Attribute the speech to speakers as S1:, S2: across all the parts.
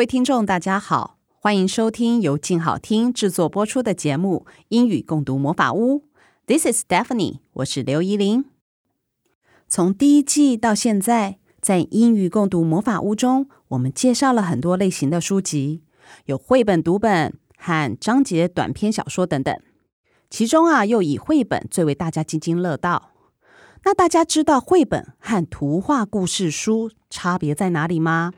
S1: 各位聽眾，大家好，歡迎收聽由靜好聽製作播出的節目《英語共讀魔法屋》。This is Stephanie，我是劉怡伶。從第一季到現在，在《英語共讀魔法屋》中，我們介紹了很多類型的書籍，有繪本、讀本和章節短篇小說等等。其中啊，又以繪本最為大家津津樂道。那大家知道繪本和圖畫故事書差別在哪裡嗎？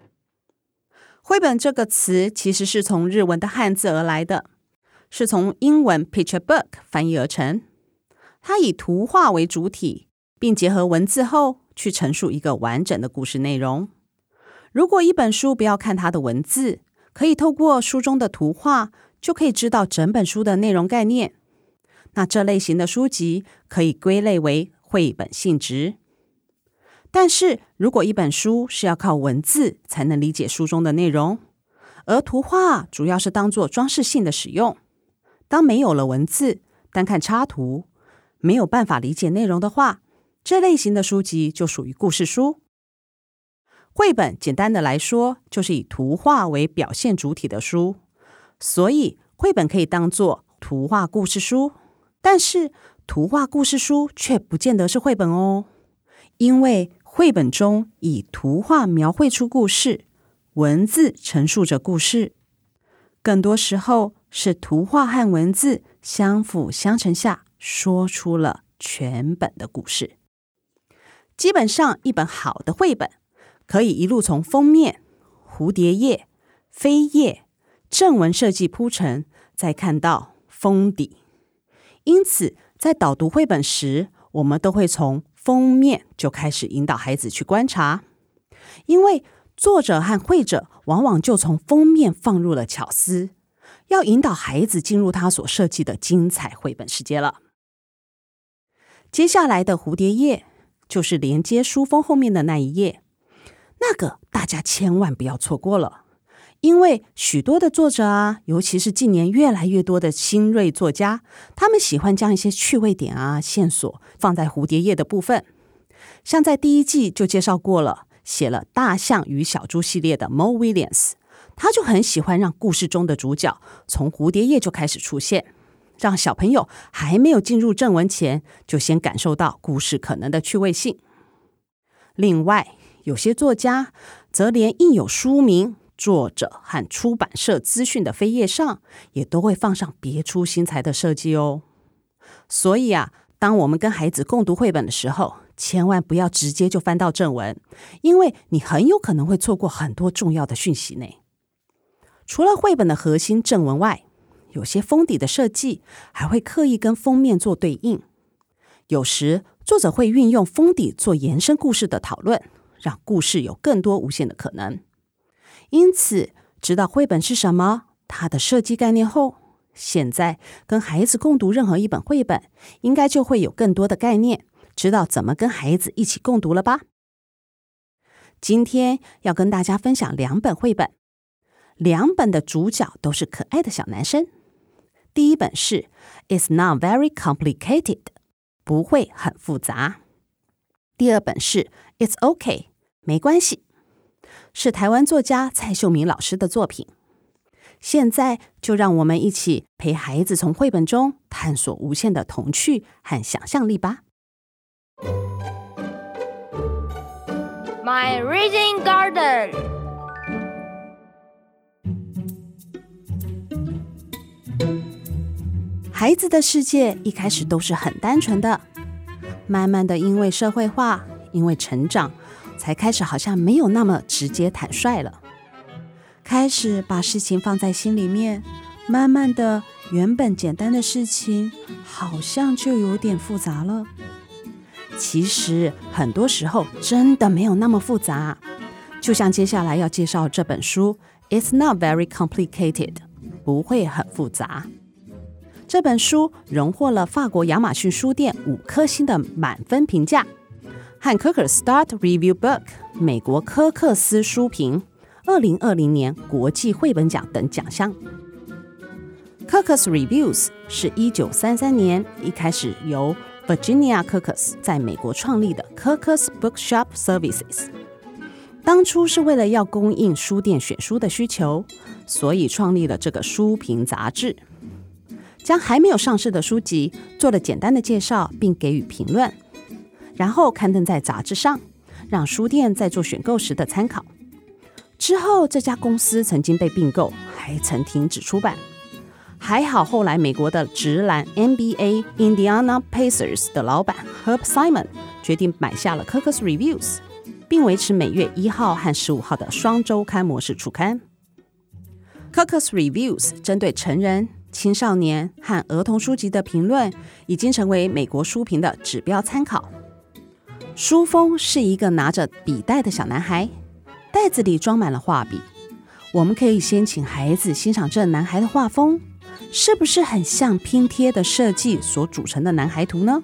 S1: 繪本這個詞其實是從日文的漢字而來的，是從英文 picture book 翻譯而成。它以圖畫為主體，並結合文字後去陳述一個完整的故事內容。如果一本書不要看它的文字，可以透過書中的圖畫就可以知道整本書的內容概念。那這類型的書籍可以歸類為繪本性質。但是如果一本書是要靠文字才能理解書中的內容，而圖畫主要是當做裝飾性的使用，當沒有了文字，單看插圖沒有辦法理解內容的話，這類型的書籍就屬於故事書。繪本簡單的來說，就是以圖畫為表現主體的書，所以繪本可以當做圖畫故事書，但是圖畫故事書卻不見得是繪本哦，因為。繪本中以圖畫描繪出故事，文字陳述着故事，更多時候是圖畫和文字相輔相成下說出了全本的故事。基本上，一本好的繪本可以一路從封面、蝴蝶頁、扉頁、正文設計鋪陳，再看到封底。因此，在導讀繪本時，我們都會從。封面就開始引導孩子去觀察，因為作者和繪者往往就從封面放入了巧思，要引導孩子進入他所設計的精彩繪本世界了。接下來的蝴蝶頁就是連接書封後面的那一頁，那個大家千萬不要錯過了。因為許多的作者啊，尤其是近年越來越多的新銳作家，他們喜歡將一些趣味點啊、線索放在蝴蝶頁的部分。像在第一季就介紹過了，寫了《大象與小豬》系列的 Mo Williams，他就很喜歡讓故事中的主角從蝴蝶頁就開始出現，讓小朋友還沒有進入正文前就先感受到故事可能的趣味性。另外，有些作家則連印有書名作者和出版社資訊的扉頁上，也都會放上別出心裁的設計哦。所以啊，當我們跟孩子共讀繪本的時候，千萬不要直接就翻到正文，因為你很有可能會錯過很多重要的訊息呢。除了繪本的核心正文外，有些封底的設計還會刻意跟封面做對應。有時作者會運用封底做延伸故事的討論，讓故事有更多無限的可能。因此，知道繪本是什麼，它的設計概念後，現在跟孩子共讀任何一本繪本，應該就會有更多的概念，知道怎麼跟孩子一起共讀了吧？今天要跟大家分享兩本繪本，兩本的主角都是可愛的小男生。第一本是 "It's not very complicated"，不會很複雜。第二本是 "It's OK"，沒關係。是台灣作家蔡秀明老師的作品。現在就讓我們一起陪孩子從繪本中探索無限的童趣和想象力吧。My Reading Garden。孩子的世界一開始都是很單純的，慢慢的因為社會化，因為成長。才開始，好像沒有那麼直接坦率了，開始把事情放在心裡面，慢慢的，原本簡單的事情好像就有點複雜了。其實很多時候真的沒有那麼複雜，就像接下來要介紹這本書，It's not very complicated，不會很複雜。這本書榮獲了法國亞馬遜書店五顆星的滿分評價。和柯克斯《Start Review Book》、美國柯克斯書評、二零二零年國際繪本獎等獎項。Kirkus Reviews 是一九三三年一開始由 Virginia Kirkus 在美國創立的 Kirkus Bookshop Services，當初是為了要供應書店選書的需求，所以創立了這個書評雜誌，將還沒有上市的書籍做了簡單的介紹，並給予評論。然後刊登在雜誌上，讓書店在做選購時的參考。之後，這家公司曾經被併購，還曾停止出版。還好，後來美國的職籃 NBA Indiana Pacers 的老闆 Herb Simon 決定買下了 Kirkus Reviews，並維持每月一號和十五號的雙週刊模式出刊。Kirkus Reviews 針對成人、青少年和兒童書籍的評論，已經成為美國書評的指標參考。書封是一個拿着筆袋的小男孩，袋子裡裝滿了畫筆。我們可以先請孩子欣賞這男孩的畫風，是不是很像拼貼的設計所組成的男孩圖呢？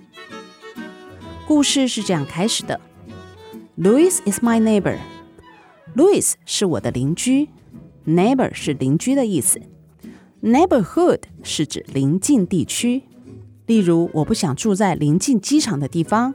S1: 故事是這樣開始的：Louis is my neighbor. Louis 是我的鄰居，neighbor 是鄰居的意思，neighborhood 是指鄰近地區。例如，我不想住在鄰近機場的地方。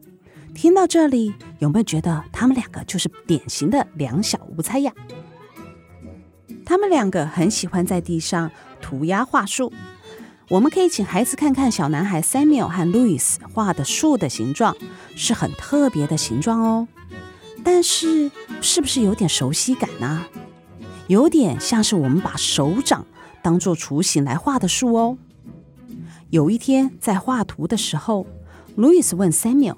S1: 聽到這裡，有沒有覺得他們兩個就是典型的兩小無猜呀？他們兩個很喜歡在地上塗鴉畫樹。我們可以請孩子看看小男孩 Samuel 和 Louis 畫的樹的形狀，是很特別的形狀哦。但是，是不是有點熟悉感呢？有點像是我們把手掌當做雛形來畫的樹哦。有一天在畫圖的時候，Louis 問 Samuel。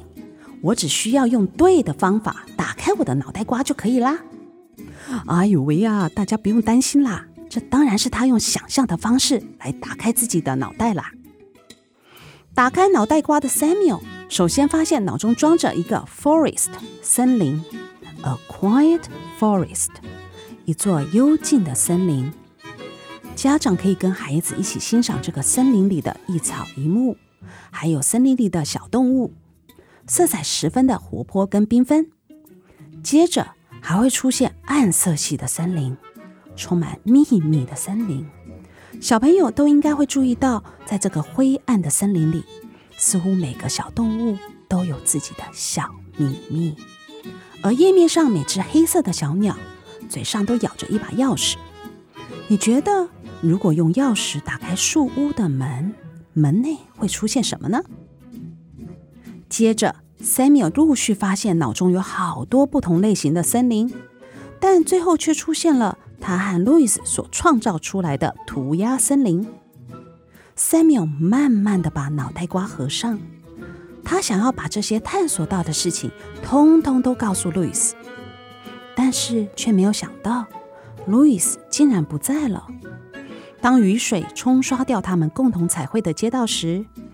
S1: 我只需要用對的方法打開我的腦袋瓜就可以啦！哎呦喂呀，大家不用擔心啦，這當然是他用想象的方式來打開自己的腦袋啦。打開腦袋瓜的 Samuel 首先發現腦中裝着一個 forest 森林，a quiet forest 一座幽靜的森林。家長可以跟孩子一起欣賞這個森林裡的一草一木，還有森林裡的小動物。色彩十分的活潑跟繽紛，接着還會出現暗色系的森林，充滿秘密的森林。小朋友都應該會注意到，在這個灰暗的森林裡，似乎每個小動物都有自己的小秘密。而頁面上每隻黑色的小鳥，嘴上都咬着一把鑰匙。你覺得，如果用鑰匙打開樹屋的門，門內會出現什麼呢？接着，Samuel 陸續發現腦中有好多不同類型的森林，但最後卻出現了他和 Louis 所創造出來的塗鴉森林。Samuel 慢慢地把腦袋瓜合上，他想要把這些探索到的事情通通都告訴 Louis，但是卻沒有想到 Louis 竟然不在了。當雨水沖刷掉他們共同彩繪的街道時，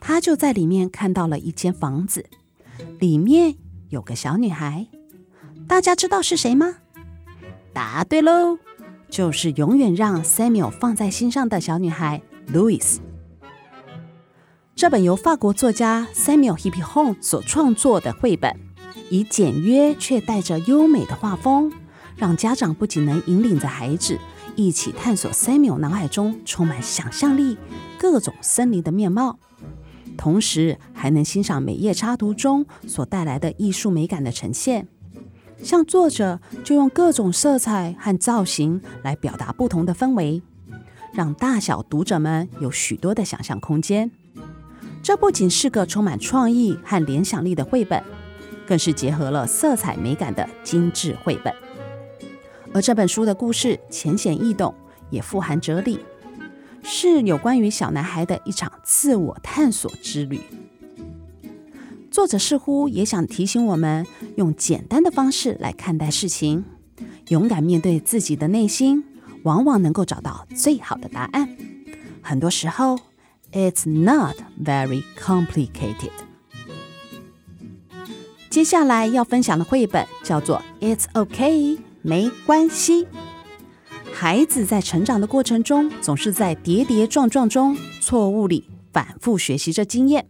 S1: 他就在裡面看到了一間房子，裡面有個小女孩。大家知道是誰嗎答對嘍，就是永遠讓 Samuel 放在心上的小女孩 Louis。這本由法國作家 Samuel Hippie Home 所創作的繪本，以簡約卻帶着優美的畫風，讓家長不僅能引領着孩子一起探索 Samuel 腦海中充滿想象力各種森林的面貌。同時還能欣賞每頁插圖中所帶來的藝術美感的呈現，像作者就用各種色彩和造型來表達不同的氛圍，讓大小讀者們有許多的想象空間。這不僅是個充滿創意和聯想力的繪本，更是結合了色彩美感的精緻繪本。而這本書的故事淺顯易懂，也富含哲理。是有關於小男孩的一場自我探索之旅。作者似乎也想提醒我們，用簡單的方式來看待事情，勇敢面對自己的內心，往往能夠找到最好的答案。很多時候，it's not very complicated。接下來要分享的繪本叫做《It's OK》，沒關係。孩子在成長的過程中，總是在跌跌撞撞中、錯誤裡反覆學習着經驗。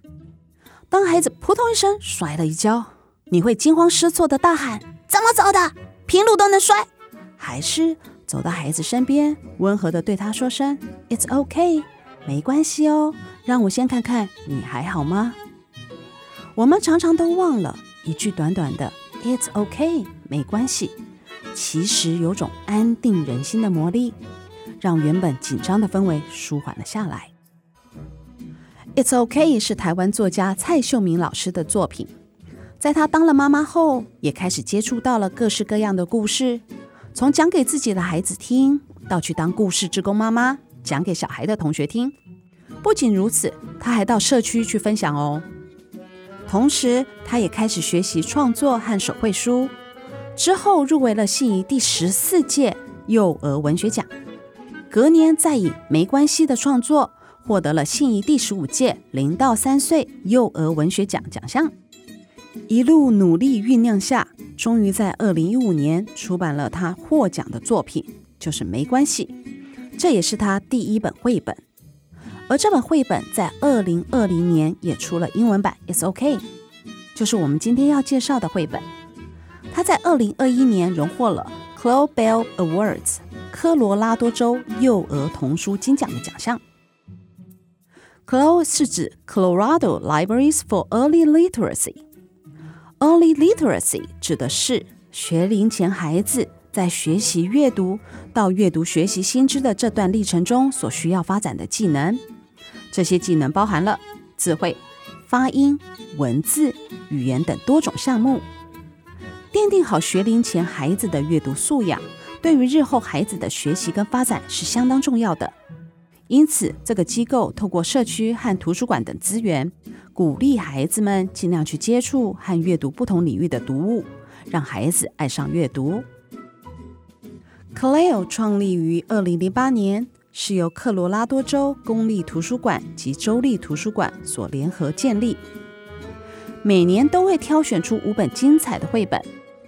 S1: 當孩子撲通一聲摔了一跤，你會驚慌失措地大喊：“怎麼走的？平路都能摔？”還是走到孩子身邊，溫和地對他說聲：“It's okay，沒關係哦，讓我先看看你還好嗎？”我們常常都忘了，一句短短的 “It's okay，沒關係。”其實有種安定人心的魔力，讓原本緊張的氛圍舒緩了下來。It's OK 是台灣作家蔡秀明老師的作品。在她當了媽媽後，也開始接觸到了各式各樣的故事，從講給自己的孩子聽，到去當故事志工媽媽，講給小孩的同學聽。不僅如此，她還到社區去分享哦。同時，她也開始學習創作和手繪書。之後入圍了信誼第十四屆幼兒文學獎，隔年再以《沒關係》的創作獲得了信誼第十五屆零到三歲幼兒文學獎獎項。一路努力醞釀下，終於在二零一五年出版了他獲獎的作品，就是《沒關係》，這也是他第一本繪本。而這本繪本在二零二零年也出了英文版《It's OK》，就是我們今天要介紹的繪本。他在二零二一年榮獲了 CLEL Bell Awards 科羅拉多州幼兒童書金獎的獎項。CLEL 是指 Colorado Libraries for Early Literacy，Early Literacy 指的是學齡前孩子在學習閱讀到閱讀學習新知的這段歷程中所需要發展的技能。這些技能包含了智慧、發音、文字、語言等多種項目。奠定好學齡前孩子的閱讀素養，對於日後孩子的學習跟發展是相當重要的。因此，這個機構透過社區和圖書館等資源，鼓勵孩子們盡量去接觸和閱讀不同領域的讀物，讓孩子愛上閱讀。CLEL 創立於二零零八年，是由科羅拉多州公立圖書館及州立圖書館所聯合建立。每年都會挑選出五本精彩的繪本。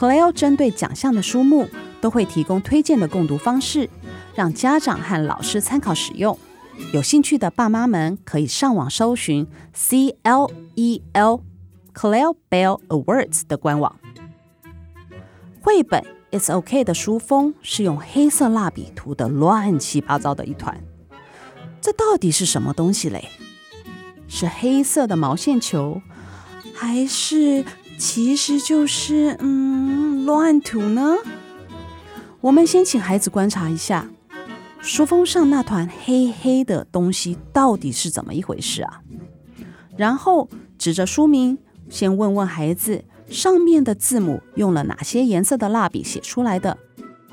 S1: CLEL 針對獎項的書目都會提供推薦的共讀方式，讓家長和老師參考使用。有興趣的爸媽們可以上網搜尋 C L E L CLEL Bell Awards 的官網。繪本《It's OK》的書封是用黑色蠟筆塗的亂七八糟的一團，這到底是什麼東西嘞？是黑色的毛線球，還是？其實就是，嗯，亂塗呢。我們先請孩子觀察一下，書封上那團黑黑的東西到底是怎麼一回事啊？然後指着書名，先問問孩子，上面的字母用了哪些顏色的蠟筆寫出來的？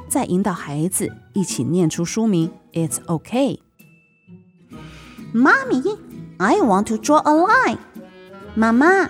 S1: 再引導孩子一起念出書名。It's okay. Mommy, I want to draw a line. Mama. 媽媽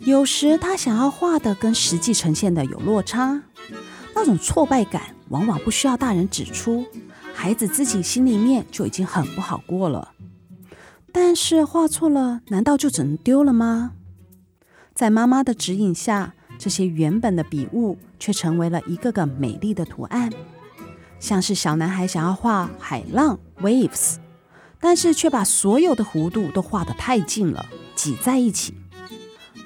S1: 有時他想要畫的跟實際呈現的有落差，那種挫敗感往往不需要大人指出，孩子自己心裡面就已經很不好過了。但是畫錯了，難道就只能丟了嗎？在媽媽的指引下，這些原本的筆誤卻成為了一個個美麗的圖案，像是小男孩想要畫海浪 waves，但是卻把所有的弧度都畫得太近了，擠在一起。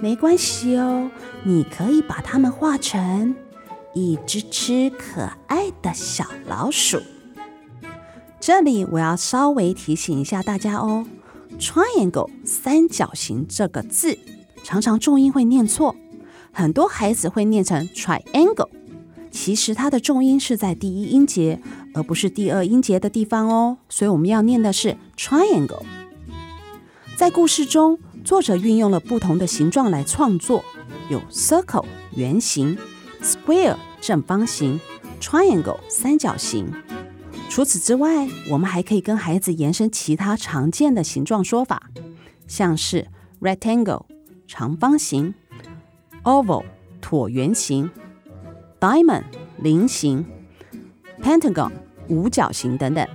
S1: 沒關係哦，你可以把它們畫成一隻隻可愛的小老鼠。這裡我要稍微提醒一下大家哦，“triangle” 三角形這個字常常重音會念錯，很多孩子會念成 “triangle”，其實它的重音是在第一音節，而不是第二音節的地方哦。所以我們要念的是 “triangle”。在故事中。作者運用了不同的形狀來創作，有 circle 圓形、square 正方形、triangle 三角形。除此之外，我們還可以跟孩子延伸其他常見的形狀說法，像是 rectangle 長方形、oval 橢圓形、diamond 菱形、pentagon 五角形等等。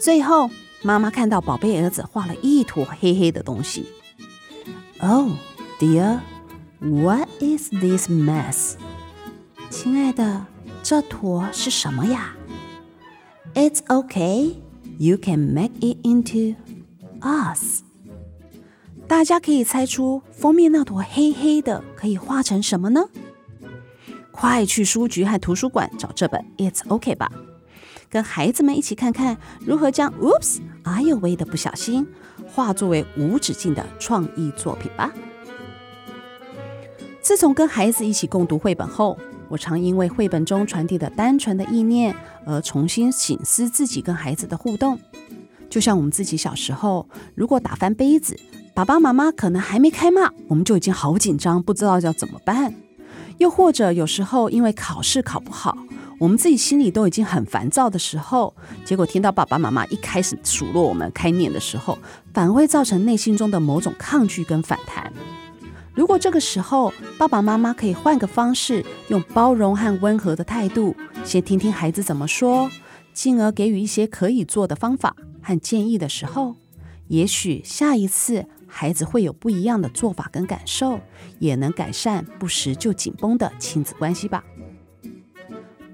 S1: 最後。媽媽看到寶貝兒子畫了一坨黑黑的東西。Oh, dear, what is this mess？親愛的，這坨是什麼呀？It's okay. You can make it into us. 大家可以猜出封面那坨黑黑的可以畫成什麼呢？快去書局和圖書館找這本《It's OK》吧，跟孩子們一起看看如何將 “Oops”。哎呦喂！啊、的不小心，化作為無止境的創意作品吧。自從跟孩子一起共讀繪本後，我常因為繪本中傳遞的單純的意念而重新省思自己跟孩子的互動。就像我們自己小時候，如果打翻杯子，爸爸媽媽可能還沒開罵，我們就已經好緊張，不知道要怎麼辦。又或者有時候因為考試考不好。我們自己心裡都已經很煩躁的時候，結果聽到爸爸媽媽一開始數落我們、開念的時候，反而會造成內心中的某種抗拒跟反彈。如果這個時候爸爸媽媽可以換個方式，用包容和溫和的態度，先聽聽孩子怎麼說，進而給予一些可以做的方法和建議的時候，也許下一次孩子會有不一樣的做法跟感受，也能改善不時就緊繃的親子關係吧。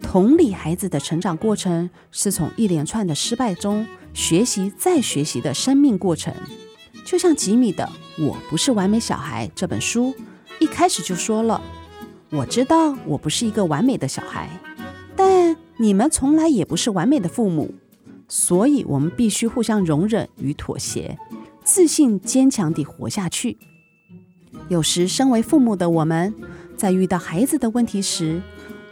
S1: 同理，孩子的成長過程是從一連串的失敗中學習、再學習的生命過程。就像吉米的《我不是完美小孩》這本書，一開始就說了：“我知道我不是一個完美的小孩，但你們從來也不是完美的父母，所以我們必須互相容忍與妥協，自信堅強地活下去。”有時，身為父母的我們，在遇到孩子的問題時，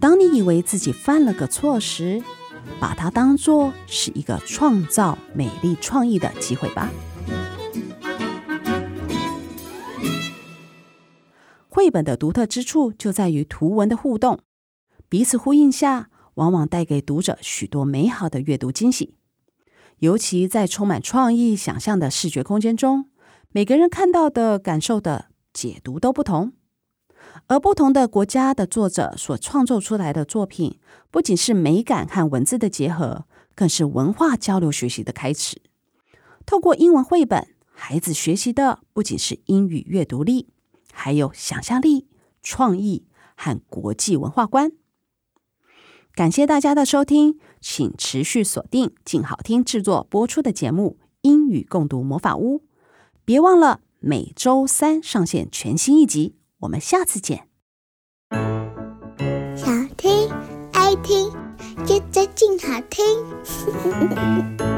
S1: 當你以為自己犯了個錯時，把它當作是一個創造美麗創意的機會吧。繪本的獨特之處就在於圖文的互動，彼此呼應下，往往帶給讀者許多美好的閱讀驚喜。尤其在充滿創意想象的視覺空間中，每個人看到的、感受的、解讀都不同。而不同的國家的作者所創作出來的作品，不僅是美感和文字的結合，更是文化交流學習的開始。透過英文繪本，孩子學習的不僅是英語閱讀力，還有想象力、創意和國際文化觀。感謝大家的收聽，請持續鎖定靜好聽製作播出的節目《英語共讀魔法屋》，別忘了每周三上線全新一集。我們下次見。想聽，愛聽，接着更好聽。